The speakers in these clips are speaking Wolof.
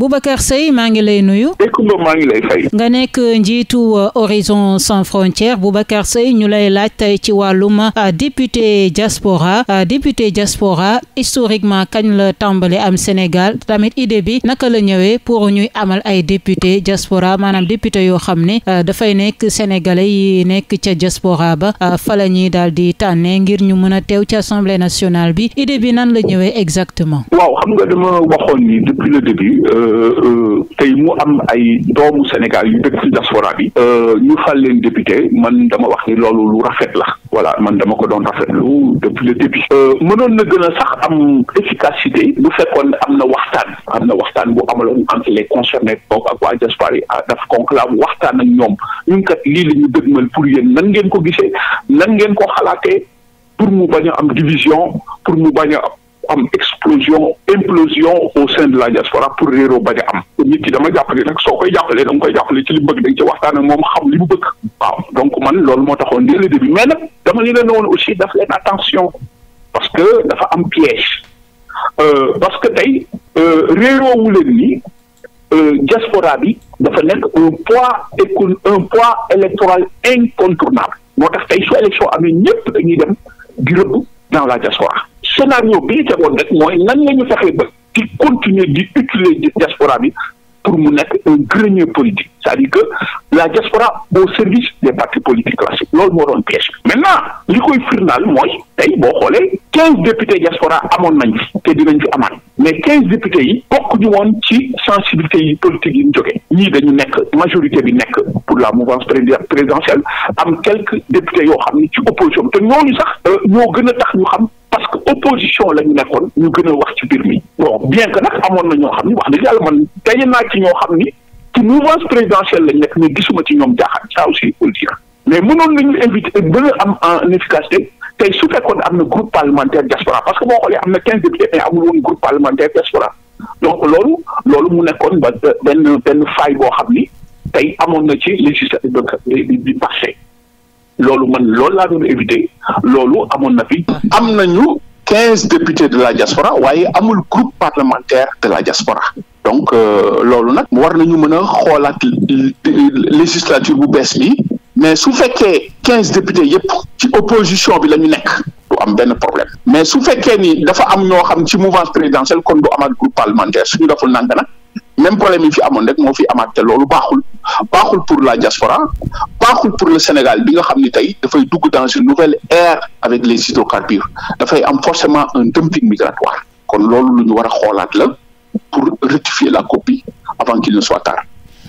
Boubacar Seye maa ngi lay nuyu. Dékumba maa ngi lay fay. nga nekk njiitu euh, Horizon Sans Frontières Boubacar Seye ñu lay laaj tey ci wàllum euh, député diaspora euh, député diaspora historiquement kañ la tàmbali am Sénégal tamit idée bi naka la ñëwee pour ñuy amal ay député diaspora maanaam député yoo xam ne dafay nekk sénégalais yi nekk ca diaspora ba fala la ñuy daal di tànnee ngir ñu mën a teew ci assemblée nationale bi idée bi nan la ñëwee exactement. waaw xam nga dama Euh, euh, tey mu am ay doomu Sénégal yu dëkk ci diaspora bi euh, ñu fal leen député man dama wax ni loolu lu rafet la voilà man dama ko doon rafet lu depuis le début mënoon na gën a sax am efficacité bu fekkoon am na waxtaan am na waxtaan bu amaloon entre les concernés donc ak waa diaspora yi ah, daf conclave waxtaan ak ñoom ñun kat lii la ñu dëgmal pour yéen nan ngeen ko gisee nan ngeen ko xalaatee pour mu bañ am division pour mu bañ a am explosion implosion au sein de la diaspora pour réeroo bañ a am nit ki dama jàpp ne nag soo koy jàppalee da koy jàppale ci li mu bëgg da ci waxtaan ak moom xam li mu bëgg waaw donc man loolu moo taxoon dès le bi mais nag dama ñu leen woon aussi daf leen attention parce que dafa am piège euh, parce que tey euh, réeroowu leen ni euh, diaspora bi dafa nekk un poids écon un poids électoral incontournable moo tax tey su élection amee ñëpp dañuy dem di rëbb dans la diaspora scénario bi ñu tegoon rek mooy nan la ñu fexe ba di continuer di utiliser diaspora bi pour mu nekk un grenier politique c'est-à-dire que la diaspora au service des partis politiques classiques loolu moo doon piège maintenant li koy firnaal mooy tey boo xoolee quinze députés diaspora amoon nañ fi te dinañ fi amaan mais quinze députés yi bokk ñu woon ci sensibilité yi politique yi ñu jógee ñii dañu nekk majorité bi nekk pour la mouvance présidentielle am quelques députés yoo xam ne ci opposition bi te ñooñu sax euh, ñoo gën a tax ñu xam parce que opposition la ñu nekkoon ñu gën wax ci mbir mi bon bien que nag amoon na ñoo xam ni wax dëgg yàlla man daje naa ci ñoo xam ni ci mouvance présidentielle lañ nekk mais gisuma ci ñoom jaaxal ça aussi il faut le dire mais mënoon nañu invité gën am en efficacité tey su fekkoon am na groupe parlementaire diaspora parce que boo xoolee am na quinze députés mais amul woon groupe parlementaire diaspora donc loolu loolu mu nekkoon ba benn benn faille boo xam ni tey amoon na ci législative bi passé loolu man loolu laa doon éviter loolu amoon na fi am nañu quinze députés de la diaspora waaye amul groupe parlementaire de la diaspora donc euh, loolu nag war nañu mën a xoolaat législature bu bees bi mais su fekkee quinze députés yépp ci opposition bi la ñu nekk du am benn problème mais su fekkee ni dafa am ñoo xam ci mouvance présidentielle kon du amaat groupe parlementaire suñu deful nanga nag même problème yi fi amoon rek moo fi amaat te loolu baaxul baaxul pour la diaspora baaxul pour le Sénégal bi nga xam ni tey dafay dugg dans une nouvelle ère avec les hydrocarbures dafay am forcément un dumping migratoire kon loolu lu ñu war a xoolaat la pour rectifier la copi avant qu'il ne soit tard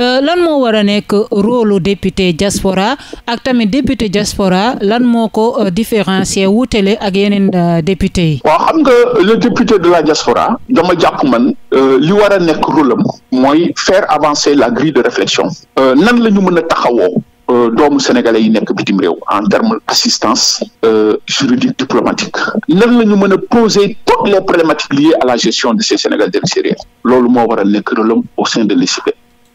Euh, lan moo war a nekk rôle député diaspora ak tamit député diaspora lan moo ko euh, différencier wutele ak yeneen euh, député yi. waa xam nga le député de la diaspora dama jàpp man li war a nekk rôle mooy faire avancer la grille de réflexion nan la ñu mën a taxawoo. doomu sénégalais yi nekk bitim réew en terme assistance euh, juridique diplomatique nan la ñu mën a poser toutes les problématiques liées à la gestion de ces sénégalais de l'extérieur loolu moo war a nekk relom au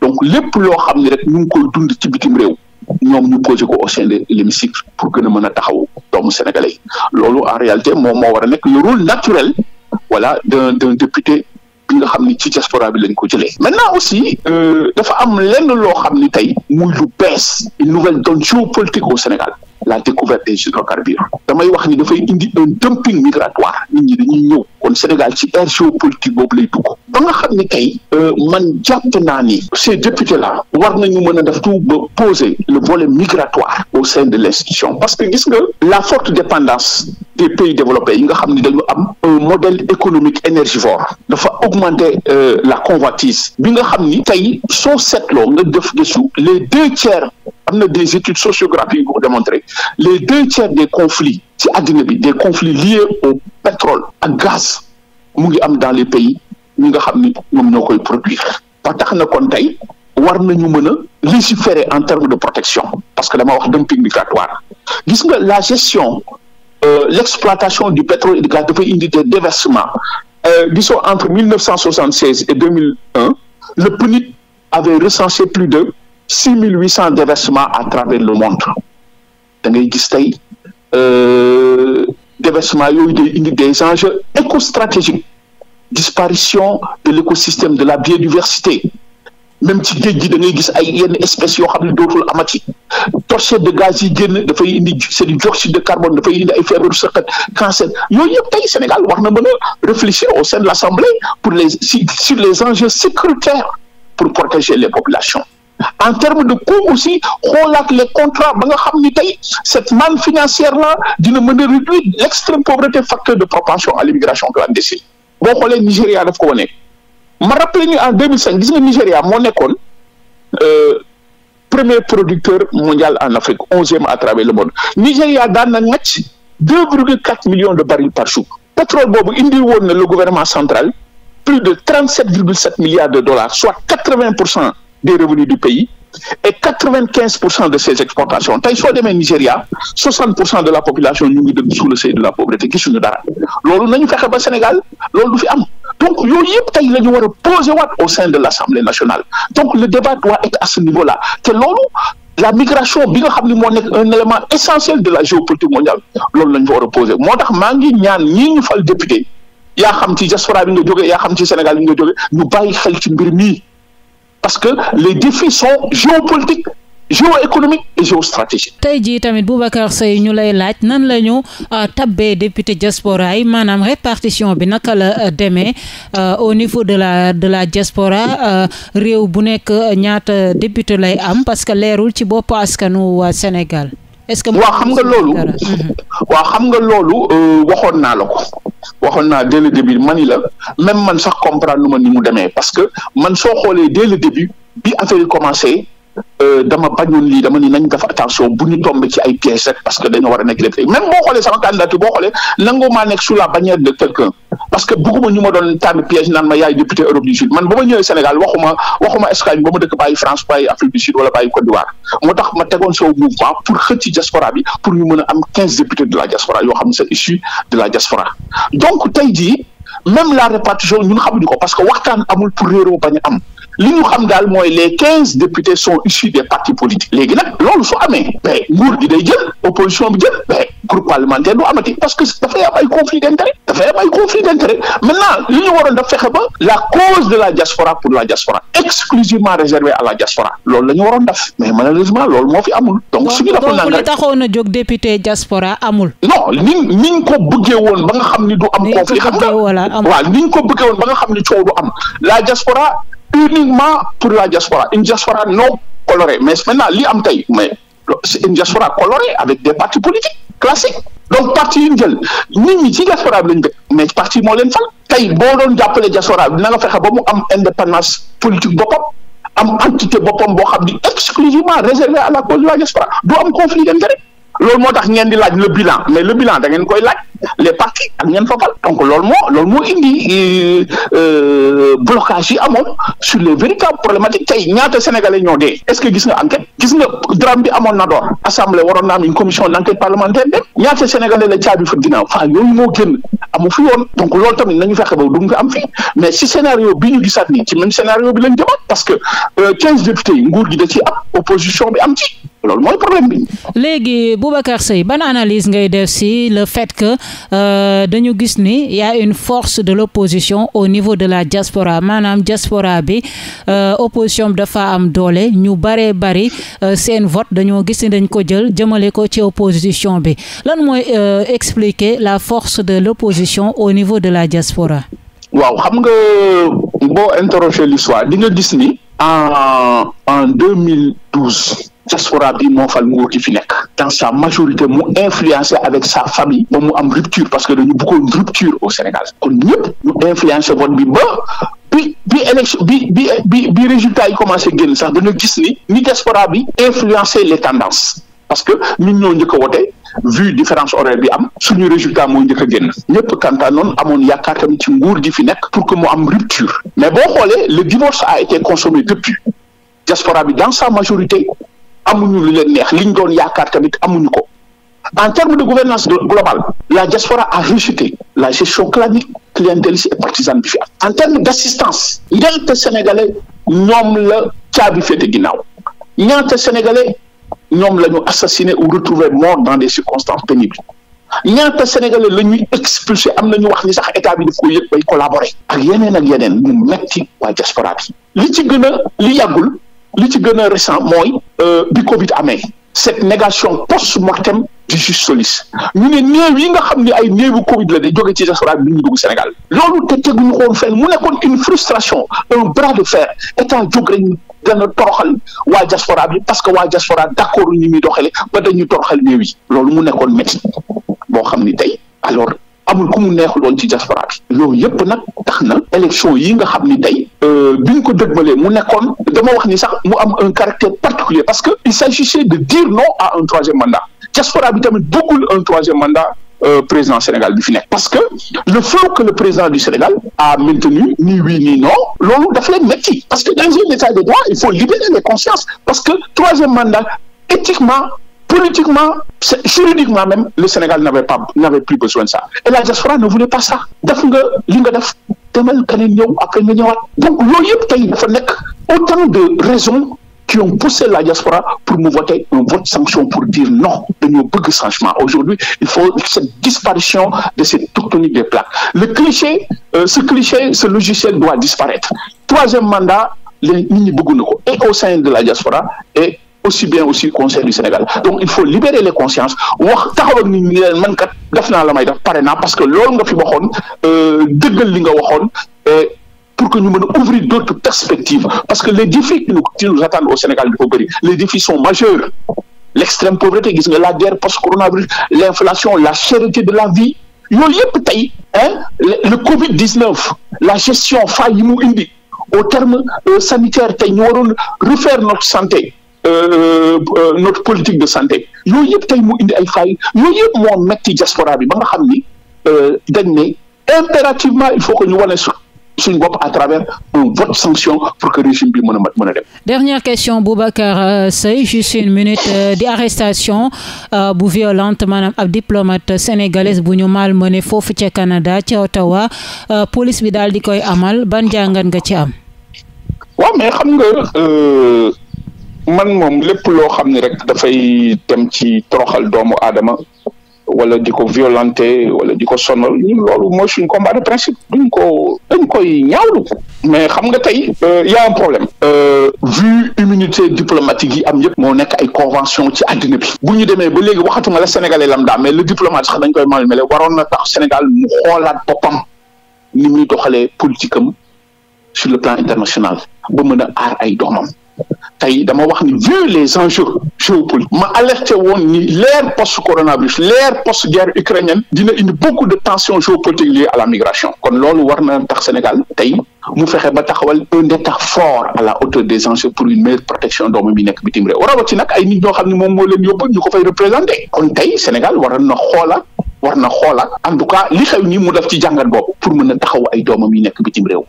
donc lépp loo xam ne rek ñu ngi koy dund ci bitim réew ñoom ñu posé ko au sein de l'hémicycle pour gën a mën a taxaw doomu sénégalais loolu en réalité moom moo war a nekk le rôle naturel voilà d'un d'un nga xam ni ci diaspora bi lañ ko jëlee maintenant aussi euh, dafa am lenn loo xam ni tey muy lu bees une nouvelle donne géopolitique au Sénégal la découverte des hydrocarbures damay wax ni dafay indi un dumping migratoire nit ñi dañuy ñëw kon Sénégal ci aire géopolitique boobu lay dugg ba nga xam ni tey euh, man jàpp naa ni ces députés la war nañu mën a def tout ba poser le volet migratoire au sein de l'institution parce que gis nga la forte dépendance des pays développés yi nga xam ni dañu am un modèle économique énergivore dafa augmenter euh, la convoitise bi nga xam ni tey soo seetloo nga def gëstu les deux tiers am na des études sociographiques pour démontrer les deux tiers des conflits ci àddina bi des conflits liés au pétrole ak gaz mu ngi am dans les pays ñi nga xam ni ñoom ñoo koy produire ba tax na kon tey war nañu mën a légiférer en termes de protection parce que dama wax dumping migratoire gis nga la gestion euh, l'exploitation du pétrole et du gaz dafay indi des déversements euh, disons euh, entre 1976 et 2001 le PNUD avait recensé plus de six mille 6800 déversements à travers le monde da ngay gis tey euh, déversement yooyu day indi des enjeux écostratégiques disparition de l'écosystème de la biodiversité même ci géej gi da ngay gis ay yenn espèces yoo xam ne dootul amati torchette de gaz yi génn dafay indi c'est du de carbone dafay indi ay feebaru sëqat cancer yooyu yëpp tey Sénégal war na mën a réfléchir au sein de l'Assemblée pour les sur les enjeux sécuritaires pour protéger les populations en termes de coût aussi xoolaat les contrats ba nga xam ni tey cette manne financière là dina mën a réduire l'extrême pauvreté facteur de propension à l'immigration clandestine boo xoolee Nigéria daf ko wane ma rappelé ñu en 2005 gis nga Nigéria moo nekkoon euh, premier producteur mondial en Afrique onzième à travers le monde Nigéria daan na ngacc deux virgule quatre millions de barils par jour pétrole boobu indi woon na le gouvernement central plus de trente sept virgule sept milliards de dollars soit quatre vingt pour cent des revenus du pays et quatre-vingt-quinze pour cent de ses exportations tey soo demee Nigéria soixante pour cent de la population ñu ngi dëgg sous le seuil de la pauvreté gisuñu dara loolu nañu fexe ba Sénégal loolu du fi am donc yooyu yëpp tey la ñu war a poser waat au sein de l'Assemblée nationale donc le débat doit être à ce niveau-là te loolu la migration bi nga xam ni moo nekk un élément essentiel de la géopolitique mondiale loolu la ñu war a poser moo tax maa ngi ñaan ñii ñu fal député yaa xam ci diaspora bi nga jógee yaa xam ci Sénégal bi nga jógee ñu bàyyi xel parce que les défis sont géopolitiques géoéconomiques et géostratégiques. tey jii tamit Boubacar Seye ñu lay laaj nan la ñu euh, tabbee député diaspora yi maanaam répartition bi naka la euh, demee euh, au niveau de la de la diaspora réew bu nekk ñaata député lay am parce que leerul ci bopp askanu waa Sénégal. est-ce que mhm. waaw xam nga loolu waaw xam nga loolu waxoon naa la ko waxoon naa dès le début mani la même man sax comprendre nu ma ni mu demee parce que man soo xoolee dès le début bi affaire yi commencé Euh, dama bañoon lii dama ni nañ def attention bu ñu tombé ci ay pièges rek parce que dañoo war nekk des même boo xoolee sama candidature boo xoolee nangoo maa nekk sous la bannière quelqu'un parce que bëgguma ñu ma doon tànn piège naan ma yaay député Europe du Sud man ba ma ñëwee Sénégal waxuma Espagne ba ma dëkk bàyyi France bàyyi Afrique du Sud wala bàyyi Côte d'Ivoire moo tax ma tegoon soo mouvement pour xëcc diaspora bi pour ñu mën a am quinze députés li ñu xam daal mooy les quinze députés sont issus des partis politiques léegi nag loolu su amee mais nguur gi day jël opposition bi du parce que dafay am ay conflit d'intérêt dafay am fexe ba la cause de la diaspora pour la diaspora exclusivement réservée à la diaspora loolu la ñu waroon def mais malheureusement moo fi amul donc suñu defoon a jóg député diaspora amul non ni niñ ko bëggee woon ba nga xam ni du am conflit xam nga ko bëggee woon ba nga xam ni coow du am la diaspora uniquement pour la diaspora une diaspora non colorée mais maintenant li am tey mais c'est une diaspora colorée avec des partis politiques classiques donc parti yi ñu jël nit ñi ci diaspora bi lañ dëkk mais parti moo leen fal tey boo doon jàppale diaspora bi na nga fexe ba mu am indépendance politique boppam am entité boppam boo xam ni exclusivement réservée à la cause de la diaspora du am conflit d'intérêt loolu moo tax ngeen di laaj le bilan mais le bilan da ngeen koy laaj les partis ak ngeen fafal donc loolu moo loolu moo indi euh, euh, blocage yi amoon sur les véritables problématiques tey ñaata sénégalais ñoo dee est-ce que gis nga enquête gis nga drame bi amoon na door assemblée waroon na am une commission d'enquête parlementaire dem ñaata sénégalais la caabi fa fi woon donc loolu tamit nañu fexe ba du mu fi am fii mais si scénario bi ñu gisaat nii ci même scénario bi lañ jëmaat parce que euh, quinze députés nguur gi da ci am opposition bi am léegi Boubacar Seye ban analyse ngay def si le fait que euh, dañu gis ni y a une force de l'opposition au niveau de la diaspora maanaam diaspora bi euh, opposition bi dafa am doole ñu baree bari euh, seen vote dañoo gis ni dañ ko jël jamale ko ci opposition bi lan mooy expliquer la force de l'opposition au niveau de la diaspora. waaw xam nga boo interroger l'histoire di gis ni en en diaspora bi moo fal nguur gi fi nekk dans sa majorité mu influencé avec sa famille ba mu am rupture parce que dañu bëggoon rupture au Sénégal kon ñëpp ñu influencé vote bi ba bi bi élection bi bi bi résultat yi commencé génn sax dañu gis ni ni diaspora bi influencé les tendances parce que ñun ñoo njëkk a wote vu différence horaire bi am suñu résultat mooy njëkk a génn ñëpp kantaan noonu amoon yaakaar tamit ci nguur gi fi nekk pour que mu am rupture mais boo xoolee le divorce a été consommé depuis diaspora bi amuñu lu leen neex liñ doon yaakaar tamit amuñu ko en terme de gouvernance globale la diaspora a rejeté la gestion clanique clientéliste et partisane bi fi am en termes d'assistance ñaata sénégalais ñoom la caabi féete ginnaaw ñaata sénégalais ñoom la ñu assassiné ou retrouvé mort dans des circonstances pénibles ñaata sénégalais la ñuy expulsé am na ñu wax ni sax état bi daf koy yëg bay collaborer ak yeneen ak yeneen ñu metti waa diaspora bi li ci gën a li yàggul li ci gën a récent mooy euh, bi Covid amee cette négation post-mortem du jus solis ñu ne néew yi nga xam ni ay néewu Covid la de jóge ci diaspora bi ñu dugg Sénégal loolu te teguñu ko woon fenn mu nekkoon une frustration un bras de fer état jóg rek dana toroxal waa diaspora bi parce que waa diaspora d'accord ñu muy doxale ba dañuy toroxal néew yi loolu mu nekkoon métti boo xam ni tey alors amul ku mu neexul woon ci diaspora bi loolu yëpp nag tax na élection yi nga xam ni tey Euh, bi ñu ko dëgmalee mu nekkoon dama wax ni sax mu am un caractère particulier parce que il s'agissait de dire non à un troisième mandat diaspora bi tamit bëggul un troisième mandat Euh, président Sénégal bi fi nekk parce que le flot que le président du Sénégal a maintenu ni oui ni non loolu dafa leen métti parce que dans un état de droit il faut libérer les consciences parce que troisième mandat éthiquement politiquement juridiquement même le Sénégal n'avait pas n'avait plus besoin de ça et la diaspora ne voulait pas ça def nga li nga def demal keneen ñëw après nga ñëwaat donc loolu yëpp tey dafa nekk autant de raisons qui ont poussé la diaspora pour mu voter un vote sanction pour dire non dañoo bëgg changement aujourd'hui il faut cette disparition de cette tectonique des plaques le cliché euh, ce cliché ce logiciel doit disparaître troisième mandat les nit ñi bëgg na ko et la diaspora aussi bien aussi conseil du Sénégal donc il faut libérer les consciences wax taxaw ak nit ñi leen man kat def naa la may def pare naa parce que loolu nga fi waxoon euh, dëggal li nga waxoon euh, pour que ñu mën a ouvrir d'autres perspectives parce que les défis qui nous qui nous attendent au Sénégal dafa bëri les défis sont majeurs l'extrême pauvreté gis nga la guerre post-coronavirus l'inflation la cherté de la vie yooyu yëpp tey hein le Covid 19 la gestion failles yi mu indi au terme euh, sanitaire ñu waroon refaire notre santé Euh, euh, euh, notre politique de santé yooyu yëpp tey moo metti diaspora bi ba nga xam ni dañ ne impérativement il faut que ñu wane suñ bopp à travers un vote sanction pour que régime bi mën a mën dem. dernière question Boubacar Seye juste une minute di arrestation bu violente maanaam ab diplomate sénégalaise bu ñu malmené foofu ca Canada ca Ottawa police bi daal di koy amal ban jàngat nga ci am. waaw mais xam nga. man moom lépp loo xam ne rek dafay dem ci toroxal doomu aadama wala di ko violenter wala di ko sonal loolu mooy suñ combat de principe duñ ko dañ koy ñaawlu mais xam nga tey euh, y a un problème euh, vu immunité diplomatique yi am yëpp moo nekk ay convention ci àddina bu ñu demee ba léegi waxatuma la sénégalais lambda mais le diplomate sax dañ koy mal mele waroon na tax Sénégal mu xoolaat boppam ni muy doxalee politique am sur le plan international ba mën a aar ay doomam tey dama wax ni vu les enjeux géopolitiques ma alerté woon ni l'ère post coronavirus l'ère post guerre ukrainienne dina indi beaucoup de tensions géopolitiques liées à la migration kon loolu war na tax Sénégal tey mu fexe ba taxawal un état fort à la hauteur des enjeux pour une meilleure protection doomu bi nekk bitim réew rawati nag ay nit ñoo xam ne moom moo leen yóbbu ñu ko fay représenté kon tey Sénégal war na xoolaat war na xoolaat en tout cas li xew nii mu def ci jàngat boobu pour mën a taxaw ay doomam yi nekk bitim réew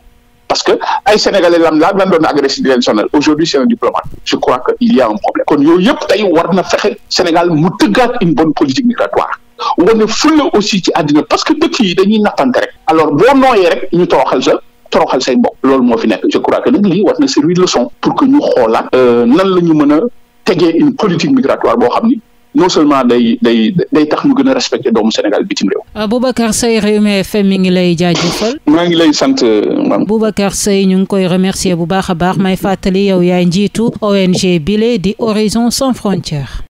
parce que ay sénégalais lam laa lan doon agressé di leen sonal aujourd'hui c'est un diplomate je crois que il y a un problème kon yooyu yëpp tey war fexe Sénégal mu tëggaat une bonne politique migratoire wane fulla aussi ci àddina parce que dëkk yi dañuy nappante rek alors boo nooyee rek ñu toroxal sa toroxal say mbokk loolu moo fi nekk je crois que nag lii war na servir leçon pour que ñu xoolaat euh, nan la ñu mën a tegee une politique migratoire boo xam ni non seulement day day day tax ñu gën a respecté doomu Sénégal bitim réew. Euh, Boubacar Seye Rewmi FM mi ngi lay jaajëfal. maa ngi lay sant euh, maam. Boubacar Seye ñu ngi koy remercier bu baax a baax may fàttali yow yaay njiitu ONG bile di Horizon Sans Frontières.